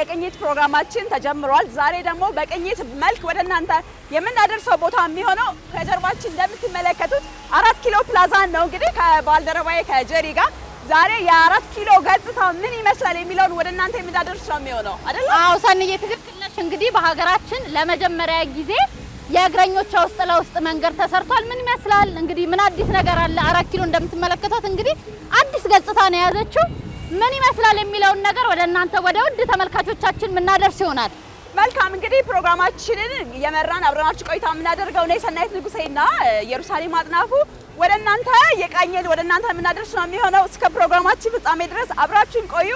የቅኝት ፕሮግራማችን ተጀምሯል። ዛሬ ደግሞ በቅኝት መልክ ወደ እናንተ የምናደርሰው ቦታ የሚሆነው ከጀርባችን እንደምትመለከቱት አራት ኪሎ ፕላዛ ነው። እንግዲህ ከባልደረባዬ ከጀሪ ጋር ዛሬ የአራት ኪሎ ገጽታ ምን ይመስላል የሚለውን ወደ እናንተ የምናደርሰው የሚሆነው አይደል? አዎ ሰንዬ ትክክል ነሽ። እንግዲህ በሀገራችን ለመጀመሪያ ጊዜ የእግረኞች ውስጥ ለውስጥ መንገድ ተሰርቷል። ምን ይመስላል እንግዲህ ምን አዲስ ነገር አለ? አራት ኪሎ እንደምትመለከቷት እንግዲህ አዲስ ገጽታ ነው የያዘችው። ምን ይመስላል የሚለውን ነገር ወደ እናንተ ወደ ውድ ተመልካቾቻችን የምናደርስ ይሆናል። መልካም እንግዲህ ፕሮግራማችንን የመራን አብረናችሁ ቆይታ የምናደርገው እኔ ሰናይት ንጉሴና ኢየሩሳሌም አጥናፉ ወደ እናንተ የቃኘን ወደ እናንተ የምናደርስ ነው የሚሆነው። እስከ ፕሮግራማችን ፍጻሜ ድረስ አብራችሁን ቆዩ።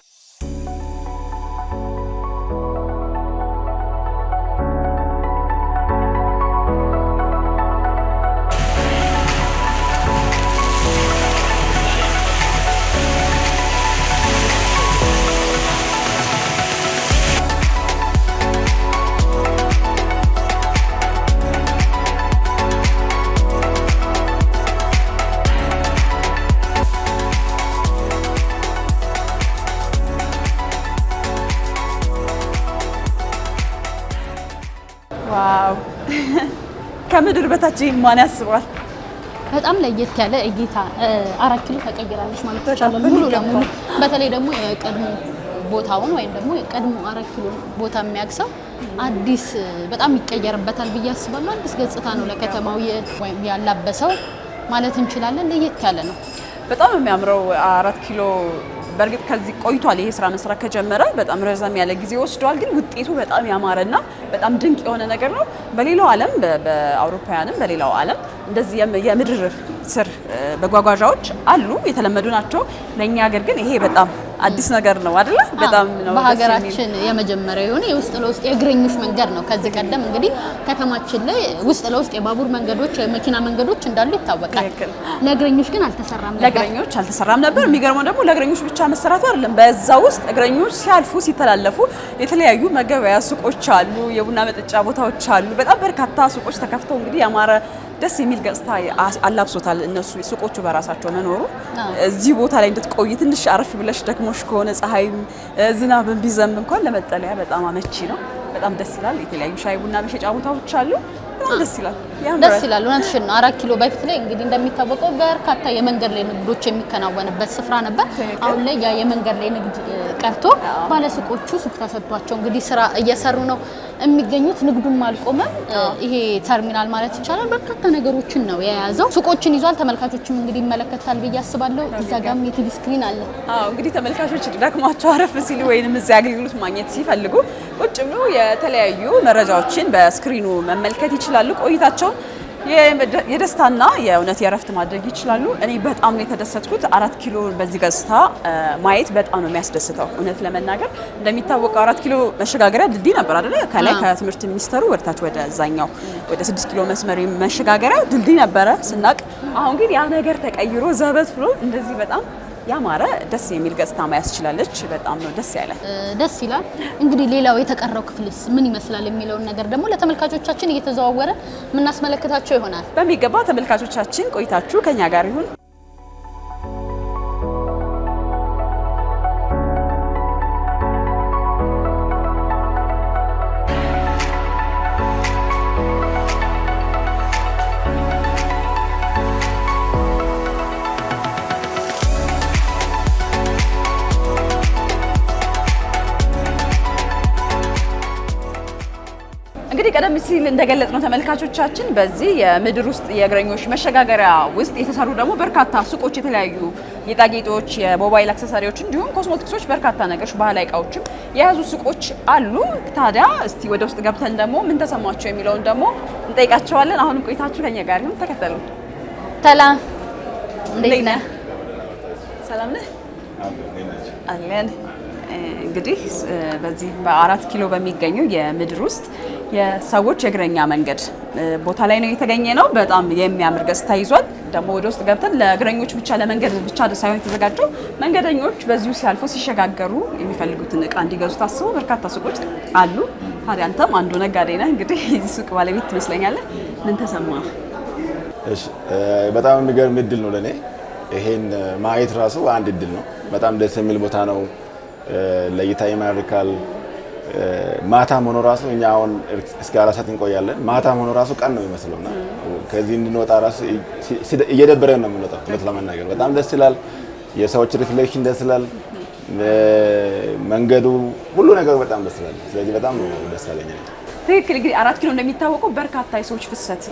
እንጂ ማን ያስባል? በጣም ለየት ያለ እይታ አራት ኪሎ ተቀይራለች ማለት ይቻላል። ሙሉ ለሙሉ በተለይ ደግሞ የቀድሞ ቦታውን ወይም ደግሞ የቀድሞ አራት ኪሎ ቦታ የሚያግሰው አዲስ በጣም ይቀየርበታል ብዬ አስባለሁ። አዲስ ገጽታ ነው ለከተማው ያላበሰው ማለት እንችላለን። ለየት ያለ ነው በጣም የሚያምረው አራት ኪሎ በእርግጥ ከዚህ ቆይቷል ይሄ ስራ መስራት ከጀመረ በጣም ረዘም ያለ ጊዜ ወስዷል። ግን ውጤቱ በጣም ያማረና በጣም ድንቅ የሆነ ነገር ነው። በሌላው ዓለም በአውሮፓውያንም በሌላው ዓለም እንደዚህ የምድር ስር መጓጓዣዎች አሉ፣ የተለመዱ ናቸው። ለእኛ ሀገር ግን ይሄ በጣም አዲስ ነገር ነው አይደለ? በጣም ነው በሀገራችን የመጀመሪያ የሆነ የውስጥ ለውስጥ የእግረኞች መንገድ ነው። ከዚህ ቀደም እንግዲህ ከተማችን ላይ ውስጥ ለውስጥ የባቡር መንገዶች፣ የመኪና መንገዶች እንዳሉ ይታወቃል። ለእግረኞች ግን አልተሰራም ነበር። ለእግረኞች አልተሰራም ነበር። የሚገርመው ደግሞ ለእግረኞች ብቻ መሰራቱ አይደለም። በዛ ውስጥ እግረኞች ሲያልፉ ሲተላለፉ የተለያዩ መገበያ ሱቆች አሉ፣ የቡና መጠጫ ቦታዎች አሉ። በጣም በርካታ ሱቆች ተከፍተው እንግዲህ ያማረ ደስ የሚል ገጽታ አላብሶታል። እነሱ ሱቆቹ በራሳቸው መኖሩ እዚህ ቦታ ላይ እንድትቆይ ትንሽ አረፍ ብለሽ ደክሞሽ ከሆነ ፀሐይም ዝናብን ቢዘንብ እንኳን ለመጠለያ በጣም አመቺ ነው። በጣም ደስ ይላል። የተለያዩ ሻይ ቡና መሸጫ ቦታዎች አሉ። ደስ ይላል። ደስ ይላል። እውነትሽን ነው። አራት ኪሎ በፊት ላይ እንግዲህ እንደሚታወቀው በርካታ የመንገድ ላይ ንግዶች የሚከናወንበት ስፍራ ነበር። አሁን ላይ ያ የመንገድ ላይ ንግድ ቀርቶ ባለሱቆቹ ሱቅ ተሰጥቷቸው እንግዲህ ስራ እየሰሩ ነው የሚገኙት። ንግዱም አልቆመም። ይሄ ተርሚናል ማለት ይቻላል በርካታ ነገሮችን ነው የያዘው፣ ሱቆችን ይዟል። ተመልካቾችም እንግዲህ ይመለከታል ብዬ አስባለሁ። እዛ ጋም የቲቪ ስክሪን አለ። አዎ እንግዲህ ተመልካቾች ደክሟቸው አረፍ ሲሉ ወይንም እዚህ አገልግሎት ማግኘት ሲፈልጉ ቁጭ ብሎ የተለያዩ መረጃዎችን በስክሪኑ መመልከት ይችላሉ ቆይታቸውን የደስታና የእውነት የእረፍት ማድረግ ይችላሉ። እኔ በጣም ነው የተደሰትኩት። አራት ኪሎ በዚህ ገጽታ ማየት በጣም ነው የሚያስደስተው። እውነት ለመናገር እንደሚታወቀው አራት ኪሎ መሸጋገሪያ ድልድይ ነበር አይደለ? ከላይ ከትምህርት ሚኒስተሩ ወርታች ወደ ዛኛው ወደ ስድስት ኪሎ መስመር መሸጋገሪያ ድልድይ ነበረ ስናቅ። አሁን ግን ያ ነገር ተቀይሮ ዘበት ብሎ እንደዚህ በጣም ያማረ ደስ የሚል ገጽታ ማያስ ችላለች። በጣም ነው ደስ ያለ ደስ ይላል። እንግዲህ ሌላው የተቀረው ክፍልስ ምን ይመስላል የሚለውን ነገር ደግሞ ለተመልካቾቻችን እየተዘዋወረ የምናስመለክታቸው ይሆናል። በሚገባ ተመልካቾቻችን ቆይታችሁ ከኛ ጋር ይሁን። ቀደም ሲል እንደገለጽነው ተመልካቾቻችን በዚህ የምድር ውስጥ የእግረኞች መሸጋገሪያ ውስጥ የተሰሩ ደግሞ በርካታ ሱቆች፣ የተለያዩ ጌጣጌጦች፣ የሞባይል አክሰሳሪዎች እንዲሁም ኮስሞቲክሶች፣ በርካታ ነገሮች፣ ባህላዊ እቃዎችም የያዙ ሱቆች አሉ። ታዲያ እስቲ ወደ ውስጥ ገብተን ደግሞ ምን ተሰማቸው የሚለውን ደግሞ እንጠይቃቸዋለን። አሁንም ቆይታችሁ ከኛ ጋር ይሁን፣ ተከተሉ። ሰላም፣ እንዴት ነህ? ሰላም ነህ? አለን። እንግዲህ በዚህ በአራት ኪሎ በሚገኙ የምድር ውስጥ የሰዎች የእግረኛ መንገድ ቦታ ላይ ነው የተገኘ ነው። በጣም የሚያምር ገጽታ ይዟል። ደግሞ ወደ ውስጥ ገብተን ለእግረኞች ብቻ ለመንገድ ብቻ ሳይሆን የተዘጋጀው መንገደኞች በዚሁ ሲያልፉ ሲሸጋገሩ የሚፈልጉትን እቃ እንዲገዙ ታስቦ በርካታ ሱቆች አሉ። ታዲያ አንተም አንዱ ነጋዴ ነህ እንግዲህ የዚህ ሱቅ ባለቤት ትመስለኛለህ። ምን ተሰማ? በጣም የሚገርም እድል ነው ለእኔ። ይሄን ማየት ራሱ አንድ እድል ነው። በጣም ደስ የሚል ቦታ ነው። ለእይታ ይማርካል። ማታ ሆኖ ራሱ እኛ አሁን እስከ አራት ሰዓት እንቆያለን። ማታ ሆኖ ራሱ ቀን ነው የሚመስለውና ከዚህ እንድንወጣ ራሱ እየደበረን ነው የምንወጣው። እውነት ለመናገር በጣም ደስ ይላል። የሰዎች ሪፍሌክሽን ደስ ይላል። መንገዱ ሁሉ ነገር በጣም ደስ ይላል። ስለዚህ በጣም ደስ ያለኛል። ትክክል እንግዲህ አራት ኪሎ እንደሚታወቀው በርካታ የሰዎች ፍሰት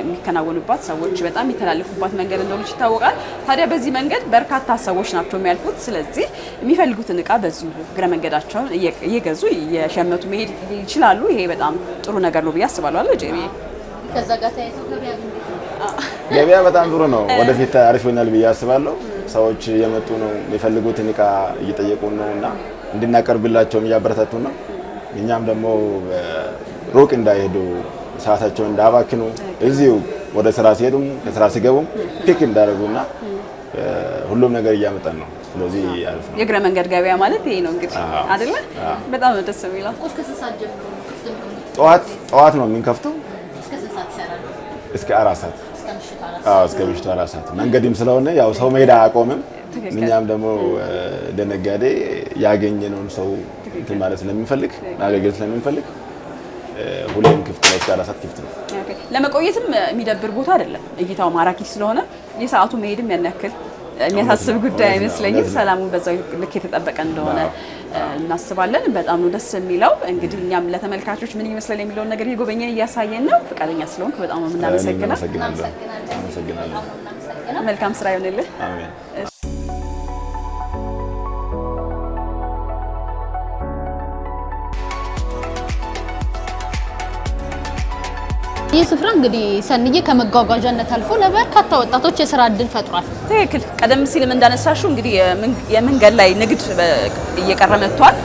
የሚከናወኑባት ሰዎች በጣም የሚተላለፉባት መንገድ እንደሆነች ይታወቃል። ታዲያ በዚህ መንገድ በርካታ ሰዎች ናቸው የሚያልፉት። ስለዚህ የሚፈልጉትን እቃ በዚሁ እግረ መንገዳቸውን እየገዙ እየሸመቱ መሄድ ይችላሉ። ይሄ በጣም ጥሩ ነገር ነው ብዬ አስባለሁ። ጄሚ ገበያ በጣም ጥሩ ነው። ወደፊት አሪፍ ይሆናል ብዬ አስባለሁ። ሰዎች እየመጡ ነው፣ የሚፈልጉትን እቃ እየጠየቁ ነው እና እንድናቀርብላቸውም እያበረታቱ ነው እኛም ደግሞ ሩቅ እንዳይሄዱ ሰዓታቸውን እንዳባክኑ እዚሁ ወደ ስራ ሲሄዱም ለስራ ሲገቡም ፒክ እንዳደረጉና ሁሉም ነገር እያመጣን ነው። ስለዚህ አሪፍ ነው። የእግረ መንገድ ገበያ ማለት ይሄ ነው እንግዲህ አይደለ? በጣም ነው ደስ የሚለው። ጠዋት ጠዋት ነው የምንከፍተው እስከ አራት ሰዓት እስከ ምሽቱ አራት ሰዓት። መንገድም ስለሆነ ያው ሰው መሄድ አያቆምም። እኛም ደግሞ ደነጋዴ ያገኘነውን ሰው እንትን ማለት ስለሚፈልግ ማገልገል ስለሚፈልግ ሁሌም ክፍት ነው። እስከ አራት ክፍት ነው። ለመቆየትም የሚደብር ቦታ አይደለም። እይታው ማራኪ ስለሆነ የሰዓቱ መሄድም ያን ያክል የሚያሳስብ ጉዳይ አይመስለኝም። ሰላሙ በዛው ልክ የተጠበቀ እንደሆነ እናስባለን። በጣም ነው ደስ የሚለው። እንግዲህ እኛም ለተመልካቾች ምን ይመስላል የሚለውን ነገር የጎበኘን እያሳየን ነው። ፈቃደኛ ስለሆንክ በጣም ነው የምናመሰግነው። መልካም ስራ ይሆንልህ። ይህ ስፍራ እንግዲህ ሰንዬ ከመጓጓዣነት አልፎ ለበርካታ ወጣቶች የስራ እድል ፈጥሯል። ትክክል። ቀደም ሲልም እንዳነሳሹ እንግዲህ የመንገድ ላይ ንግድ እየቀረ መጥቷል።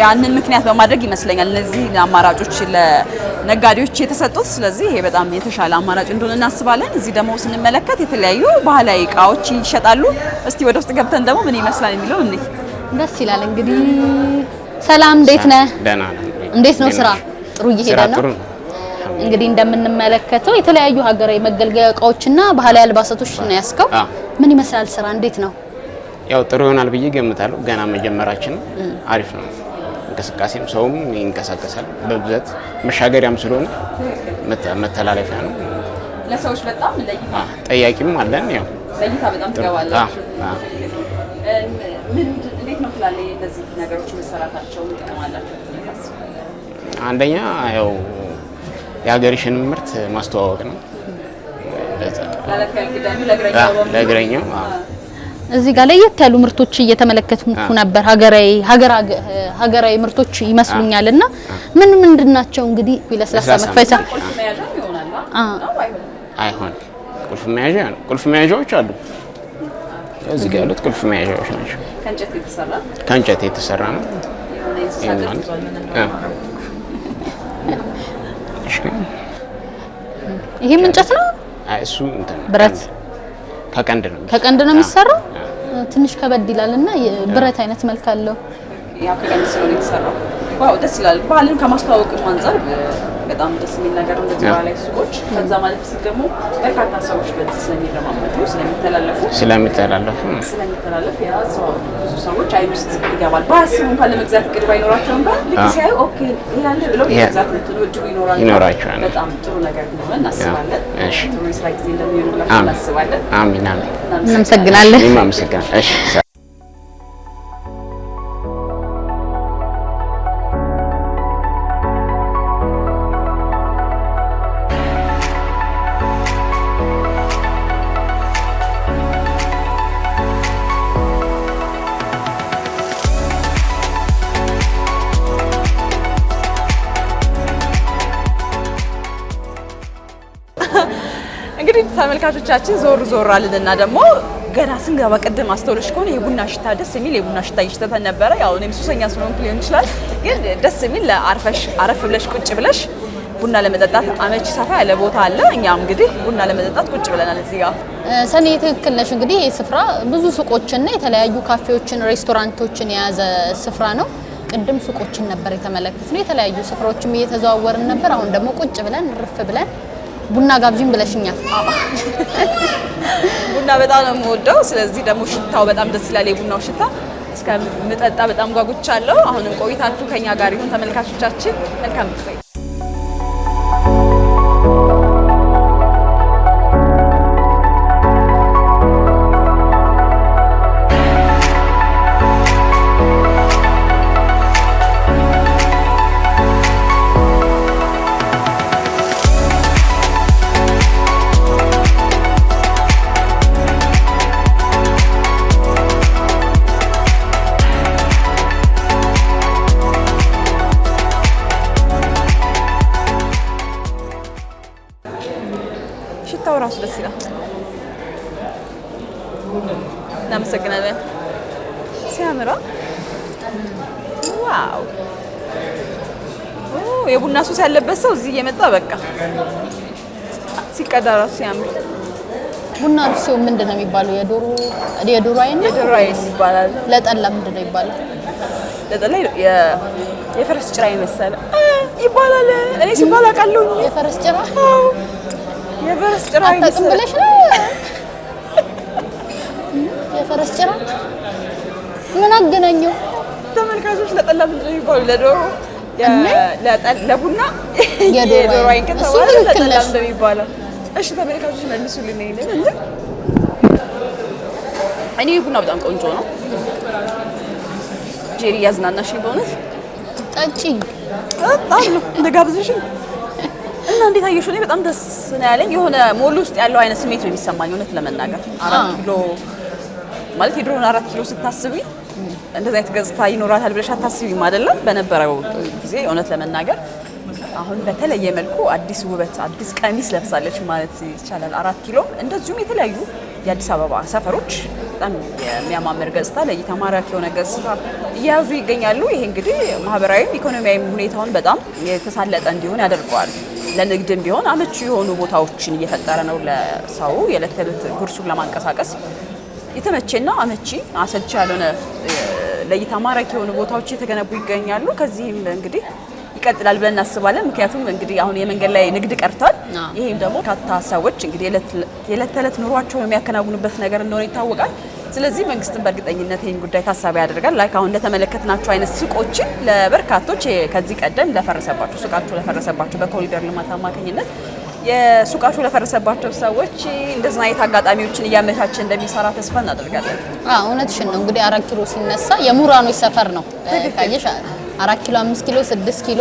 ያንን ምክንያት በማድረግ ይመስለኛል እነዚህ አማራጮች ለነጋዴዎች የተሰጡት። ስለዚህ ይሄ በጣም የተሻለ አማራጭ እንደሆነ እናስባለን። እዚህ ደግሞ ስንመለከት የተለያዩ ባህላዊ እቃዎች ይሸጣሉ። እስቲ ወደ ውስጥ ገብተን ደግሞ ምን ይመስላል የሚለው እ ደስ ይላል። እንግዲህ ሰላም፣ እንዴት ነህ? ደህና ነህ? እንዴት ነው ስራ? ጥሩ እየሄደ ነው? እንግዲህ እንደምንመለከተው የተለያዩ ሀገራዊ መገልገያ እቃዎችና ባህላዊ አልባሳቶች ነው ያስከው። ምን ይመስላል ስራ እንዴት ነው? ያው ጥሩ ይሆናል ብዬ ገምታለሁ። ገና መጀመራችን አሪፍ ነው። እንቅስቃሴም ሰውም ይንቀሳቀሳል በብዛት መሻገሪያም ስለሆነ መተላለፊያ ነው ለሰዎች በጣም ለይታ ጠያቂም አለን። ያው ለይታ በጣም ትገባለች። ምን እንዴት ነው ትላለህ? እነዚህ ነገሮች መሰራታቸው ጥቅም አላቸው። አንደኛ ያው የሀገርሽን ምርት ማስተዋወቅ ነው። ለእግረኛው እዚህ ጋር ለየት ያሉ ምርቶች እየተመለከትኩ ነበር። ሀገራዊ ምርቶች ይመስሉኛል እና ምን ምንድን ናቸው እንግዲህ ለስላሳ መክፈቻ አይሆን ቁልፍ መያዣ ነው። ቁልፍ መያዣዎች አሉ። እዚህ ጋር ያሉት ቁልፍ መያዣዎች ናቸው። ከእንጨት የተሰራ ነው። ትንሽ ይሄም እንጨት ነው። አይ እሱ እንትን ብረት ከቀንድ ነው ከቀንድ ነው የሚሰራው። ትንሽ ከበድ ይላል እና ብረት አይነት መልክ አለው። ያው ከቀንድ ስለሆነ የተሰራው ዋው ደስ ይላል። ባህልን ከማስተዋወቅ በጣም ደስ የሚል ነገር እንደዚህ ባህላዊ ሱቆች ከዛ ማለት ሲል ደግሞ በርካታ ሰዎች በዚህ ስለሚረማመዱ ስለሚተላለፉ ስለሚተላለፉ ስለሚተላለፍ ያ ብዙ ሰዎች አይን ውስጥ ይገባል። በአስቡ እንኳን ለመግዛት እቅድ ባይኖራቸው እንኳን ልክ ሲያዩ ኦኬ ይሄ አለ ብለው የመግዛት እንትኑ እድሉ ይኖራል ይኖራቸዋል። በጣም ጥሩ ነገር እንደሆነ እናስባለን። ጥሩ የስራ ጊዜ እንደሚሆንላቸው እናስባለን። አሚን አሚን። እናመሰግናለን። እኔም አመሰግናለሁ። እሺ እንግዲህ ተመልካቾቻችን ዞር ዞር አልልና ደግሞ ገና ስንገባ ቅድም አስተውለሽ ከሆነ የቡና ሽታ ደስ የሚል የቡና ሽታ እየሸተተን ነበረ። ያው እኔም ሱሰኛ ስለሆንኩ ሊሆን ይችላል፣ ግን ደስ የሚል ለአርፈሽ አረፍ ብለሽ ቁጭ ብለሽ ቡና ለመጠጣት አመቺ ሰፋ ያለ ቦታ አለ። እኛም እንግዲህ ቡና ለመጠጣት ቁጭ ብለናል እዚህ ጋር። ሰኔ ትክክል ነሽ። እንግዲህ ይህ ስፍራ ብዙ ሱቆችና የተለያዩ ካፌዎችን፣ ሬስቶራንቶችን የያዘ ስፍራ ነው። ቅድም ሱቆችን ነበር የተመለከት ነው። የተለያዩ ስፍራዎችም እየተዘዋወርን ነበር። አሁን ደግሞ ቁጭ ብለን ርፍ ብለን ቡና ጋብዥን ብለሽኛል። ቡና በጣም ነው የምወደው። ስለዚህ ደግሞ ሽታው በጣም ደስ ይላል። የቡናው ሽታ እስከምጠጣ በጣም ጓጉቻለሁ። አሁንም ቆይታችሁ ከኛ ጋር ይሁን ተመልካቾቻችን። መልካም ጊዜ ያለበት ሰው እዚህ እየመጣ በቃ ሲቀዳ ራሱ ያምር። ቡና ሲሆን ምንድን ነው የሚባለው? የዶሮ የዶሮ አይን የዶሮ አይን ይባላል። ለጠላ ምንድን ነው ይባላል? ለጠላ የፈረስ ጭራ ይመሰለ ይባላል። እኔ ሲባል አውቃለሁ። የፈረስ ጭራ የፈረስ ጭራ አታውቅም ብለሽ ነው? የፈረስ ጭራ ምን አገናኘው? ተመልካቾች ለጠላ ምንድን ነው የሚባለው? ለዶሮ ለቡና የዶሮ አይን ከተባለ ለጠላ እንደሚባለው። እሺ ተመልካቾች መልሱልን። እኔ ቡና በጣም ቆንጆ ነው። ጄሪ እያዝናናሽ በእውነት ጠጪ በጣም እንደጋብዝሽን እና እንዴት አየሽው? እኔ በጣም ደስ ነው ያለኝ። የሆነ ሞል ውስጥ ያለው አይነት ስሜት ነው የሚሰማኝ እውነት ለመናገር አራት ኪሎ ማለት የድሮውን አራት ኪሎ ስታስብኝ። እንደ አይነት ገጽታ ይኖራታል ብለሽ አታስቢም አይደለም? በነበረው ጊዜ እውነት ለመናገር አሁን በተለየ መልኩ አዲስ ውበት አዲስ ቀሚስ ለብሳለች ማለት ይቻላል። አራት ኪሎ እንደዚሁም የተለያዩ የአዲስ አበባ ሰፈሮች በጣም የሚያማምር ገጽታ ለእይታ ማራኪ የሆነ ገጽታ እየያዙ ይገኛሉ። ይሄ እንግዲህ ማህበራዊም ኢኮኖሚያዊም ሁኔታውን በጣም የተሳለጠ እንዲሆን ያደርገዋል። ለንግድም ቢሆን አመቺ የሆኑ ቦታዎችን እየፈጠረ ነው ለሰው የዕለት ተዕለት ጉርሱን ለማንቀሳቀስ የተመቼና አመቺ አሰልቺ ያልሆነ ለእይታ ማራኪ የሆኑ ቦታዎች የተገነቡ ይገኛሉ። ከዚህም እንግዲህ ይቀጥላል ብለን እናስባለን። ምክንያቱም እንግዲህ አሁን የመንገድ ላይ ንግድ ቀርቷል። ይህም ደግሞ በርካታ ሰዎች እንግዲህ የዕለት ተዕለት ኑሯቸውን የሚያከናውኑበት ነገር እንደሆነ ይታወቃል። ስለዚህ መንግስትን በእርግጠኝነት ይህን ጉዳይ ታሳቢ ያደርጋል። ላይክ አሁን እንደተመለከትናቸው አይነት ሱቆችን ለበርካቶች ከዚህ ቀደም ለፈረሰባቸው ሱቃቸው ለፈረሰባቸው በኮሪደር ልማት አማካኝነት የሱቃቸው ለፈረሰባቸው ሰዎች እንደዚህ አይነት አጋጣሚዎችን እያመቻቸ እንደሚሰራ ተስፋ እናደርጋለን። እውነትሽን ነው። እንግዲህ አራት ኪሎ ሲነሳ የምሁራኖች ሰፈር ነው። አራት ኪሎ፣ አምስት ኪሎ፣ ስድስት ኪሎ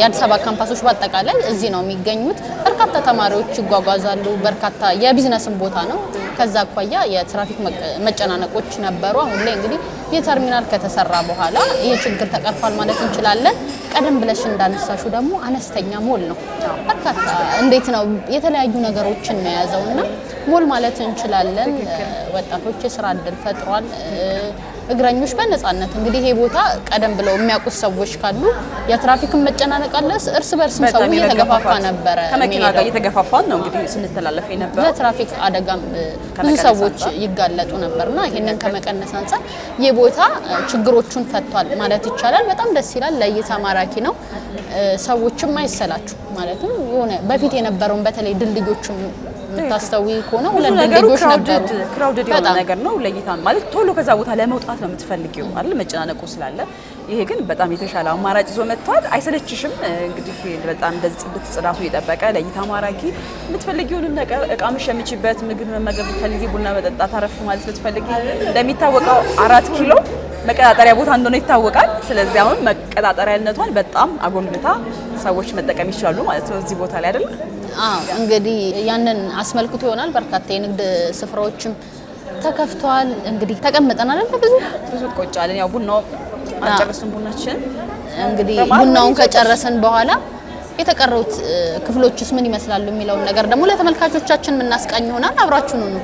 የአዲስ አበባ ካምፓሶች በአጠቃላይ እዚህ ነው የሚገኙት። በርካታ ተማሪዎች ይጓጓዛሉ። በርካታ የቢዝነስን ቦታ ነው። ከዛ አኳያ የትራፊክ መጨናነቆች ነበሩ። አሁን ላይ እንግዲህ ይህ ተርሚናል ከተሰራ በኋላ ይህ ችግር ተቀርፏል ማለት እንችላለን። ቀደም ብለሽ እንዳነሳሹ ደግሞ አነስተኛ ሞል ነው። በርካታ እንዴት ነው የተለያዩ ነገሮችን ነው የያዘውና ሞል ማለት እንችላለን። ወጣቶች የስራ እድል ፈጥሯል። እግረኞች በነፃነት እንግዲህ ይሄ ቦታ ቀደም ብለው የሚያውቁት ሰዎች ካሉ የትራፊክን መጨናነቅ አለ። እርስ በርስ ሰው እየተገፋፋ ነበረ፣ ከመኪና ጋር እየተገፋፋን ነው እንግዲህ ስንተላለፍ የነበረው ለትራፊክ አደጋም ብዙ ሰዎች ይጋለጡ ነበርና ይሄንን ከመቀነስ አንጻር ይህ ቦታ ችግሮቹን ፈቷል ማለት ይቻላል። በጣም ደስ ይላል፣ ለእይታ ማራኪ ነው። ሰዎችም አይሰላችሁ ማለትም የሆነ በፊት የነበረውን በተለይ ድልድዮቹን የምታስተዊ ከሆነ ሁለት ድልድዮች ነበሩ። ክራውድድ የሆነ ነገር ነው ለእይታ ማለት ቶሎ ከዛ ቦታ ለመውጣት ነው የምትፈልጊው አይደል? መጨናነቁ ስላለ ይሄ ግን በጣም የተሻለ አማራጭ ይዞ መጥቷል። አይሰለችሽም። እንግዲህ በጣም እንደዚህ ጽድት ጽዳቱ የጠበቀ ለእይታ ማራኪ የምትፈልጊውንም ነገር እቃ የምትሸምችበት ምግብ መመገብ ብትፈልጊ ቡና መጠጣት አረፍ ማለት ብትፈልጊ ለሚታወቀው አራት ኪሎ መቀጣጠሪያ ቦታ እንደሆነ ይታወቃል። ስለዚህ አሁን መቀጣጠሪያነቷን በጣም አጎልብታ ሰዎች መጠቀም ይችላሉ ማለት ነው እዚህ ቦታ ላይ አይደለም። እንግዲህ ያንን አስመልክቶ ይሆናል በርካታ የንግድ ስፍራዎችም ተከፍተዋል። እንግዲህ ተቀምጠን አይደል ብዙ ብዙ ቆጫለን። ያው ቡናው አልጨረስን ቡናችን እንግዲህ ቡናውን ከጨረስን በኋላ የተቀሩት ክፍሎችስ ምን ይመስላሉ የሚለውን ነገር ደግሞ ለተመልካቾቻችን የምናስቃኝ ይሆናል። አብራችሁኑ ነው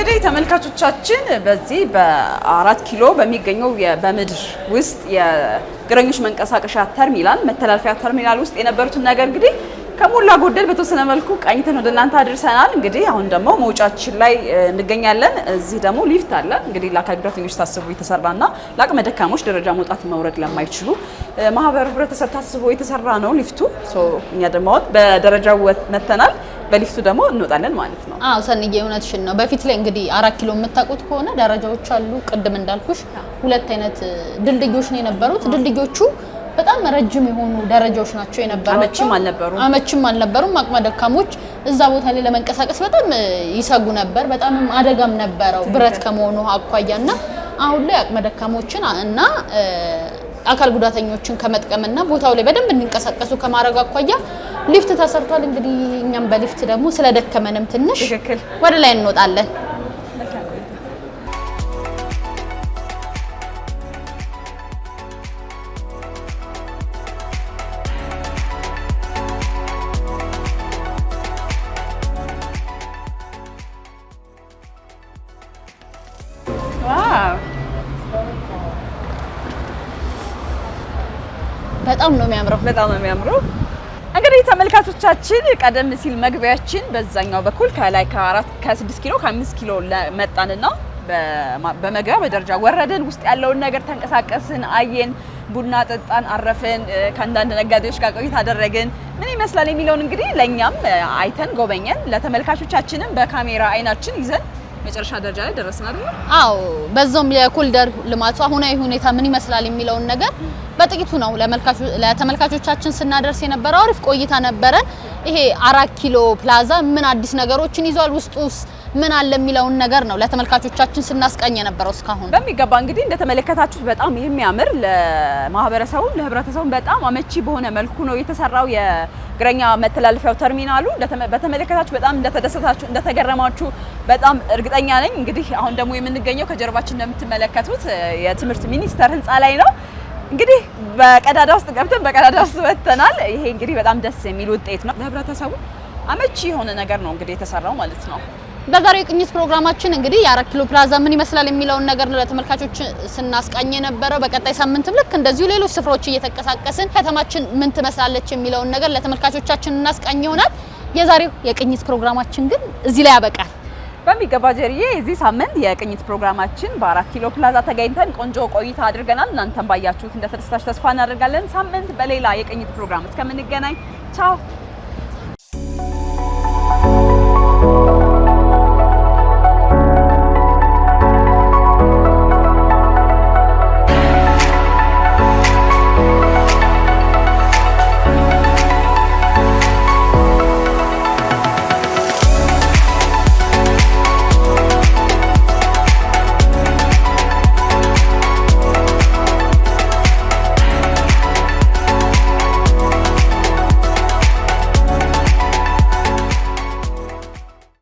እንግዲህ ተመልካቾቻችን በዚህ በአራት ኪሎ በሚገኘው በምድር ውስጥ የእግረኞች መንቀሳቀሻ ተርሚናል መተላለፊያ ተርሚናል ውስጥ የነበሩትን ነገር እንግዲህ ከሞላ ጎደል በተወሰነ መልኩ ቃኝተን ወደ እናንተ አድርሰናል። እንግዲህ አሁን ደግሞ መውጫችን ላይ እንገኛለን። እዚህ ደግሞ ሊፍት አለ። እንግዲህ ለአካል ጉዳተኞች ታስቦ የተሰራና ለአቅመ ደካሞች ደረጃ መውጣት መውረድ ለማይችሉ ማህበር ህብረተሰብ ታስቦ የተሰራ ነው ሊፍቱ። እኛ ደግሞ በደረጃው መተናል። በሊፍቱ ደግሞ እንወጣለን ማለት ነው። አዎ ሰንዬ እውነትሽን ነው። በፊት ላይ እንግዲህ አራት ኪሎ የምታውቁት ከሆነ ደረጃዎች አሉ። ቅድም እንዳልኩሽ ሁለት አይነት ድልድዮች ነው የነበሩት። ድልድዮቹ በጣም ረጅም የሆኑ ደረጃዎች ናቸው የነበሩ። አመችም አልነበሩም አመችም አልነበሩም። አቅመ ደካሞች እዛ ቦታ ላይ ለመንቀሳቀስ በጣም ይሰጉ ነበር። በጣም አደጋም ነበረው ብረት ከመሆኑ አኳያና አሁን ላይ አቅመ ደካሞችን እና አካል ጉዳተኞችን ከመጥቀምና ቦታው ላይ በደንብ እንዲንቀሳቀሱ ከማድረግ አኳያ ሊፍት ተሰርቷል። እንግዲህ እኛም በሊፍት ደግሞ ስለደከመንም ትንሽ ወደ ላይ እንወጣለን። በጣም ነው የሚያምረው። በጣም ነው የሚያምረው። እንግዲህ ተመልካቾቻችን ቀደም ሲል መግቢያችን በዛኛው በኩል ከላይ ከአራት ከስድስት ኪሎ ከአምስት ኪሎ መጣንና በመግቢያ በደረጃ ወረድን። ውስጥ ያለውን ነገር ተንቀሳቀስን፣ አየን፣ ቡና ጠጣን፣ አረፍን፣ ከአንዳንድ ነጋዴዎች ጋር ቆይታ አደረግን። ምን ይመስላል የሚለውን እንግዲህ ለእኛም አይተን ጎበኘን፣ ለተመልካቾቻችንም በካሜራ አይናችን ይዘን መጨረሻ ደረጃ ላይ ደረስን አይደል? አዎ። በዛውም የኮሪደር ልማቱ አሁናዊ ሁኔታ ምን ይመስላል የሚለውን ነገር በጥቂቱ ነው ለተመልካቾቻችን ስናደርስ የነበረው። አሪፍ ቆይታ ነበረን። ይሄ አራት ኪሎ ፕላዛ ምን አዲስ ነገሮችን ይዟል ውስጡ ውስጥ ምን አለ የሚለውን ነገር ነው ለተመልካቾቻችን ስናስቀኝ የነበረው። እስካሁን በሚገባ እንግዲህ እንደተመለከታችሁት በጣም የሚያምር ለማህበረሰቡም ለህብረተሰቡም በጣም አመቺ በሆነ መልኩ ነው የተሰራው የእግረኛ መተላለፊያው ተርሚናሉ። በተመለከታችሁ በጣም እንደተደሰታችሁ እንደተገረማችሁ በጣም እርግጠኛ ነኝ። እንግዲህ አሁን ደግሞ የምንገኘው ከጀርባችን እንደምትመለከቱት የትምህርት ሚኒስቴር ህንፃ ላይ ነው። እንግዲህ በቀዳዳ ውስጥ ገብተን በቀዳዳ ውስጥ ወጥተናል። ይሄ እንግዲህ በጣም ደስ የሚል ውጤት ነው። ለህብረተሰቡ አመቺ የሆነ ነገር ነው እንግዲህ የተሰራው ማለት ነው። በዛሬው የቅኝት ፕሮግራማችን እንግዲህ የአራት ኪሎ ፕላዛ ምን ይመስላል የሚለውን ነገር ለተመልካቾች ስናስቃኝ የነበረው። በቀጣይ ሳምንትም ልክ እንደዚሁ ሌሎች ስፍራዎች እየተንቀሳቀስን ከተማችን ምን ትመስላለች የሚለውን ነገር ለተመልካቾቻችን እናስቃኝ ይሆናል። የዛሬው የቅኝት ፕሮግራማችን ግን እዚህ ላይ ያበቃል። በሚገባ ጀርዬ፣ የዚህ ሳምንት የቅኝት ፕሮግራማችን በአራት ኪሎ ፕላዛ ተገኝተን ቆንጆ ቆይታ አድርገናል። እናንተም ባያችሁት እንደተደሰታችሁ ተስፋ እናደርጋለን። ሳምንት በሌላ የቅኝት ፕሮግራም እስከምንገናኝ ቻው።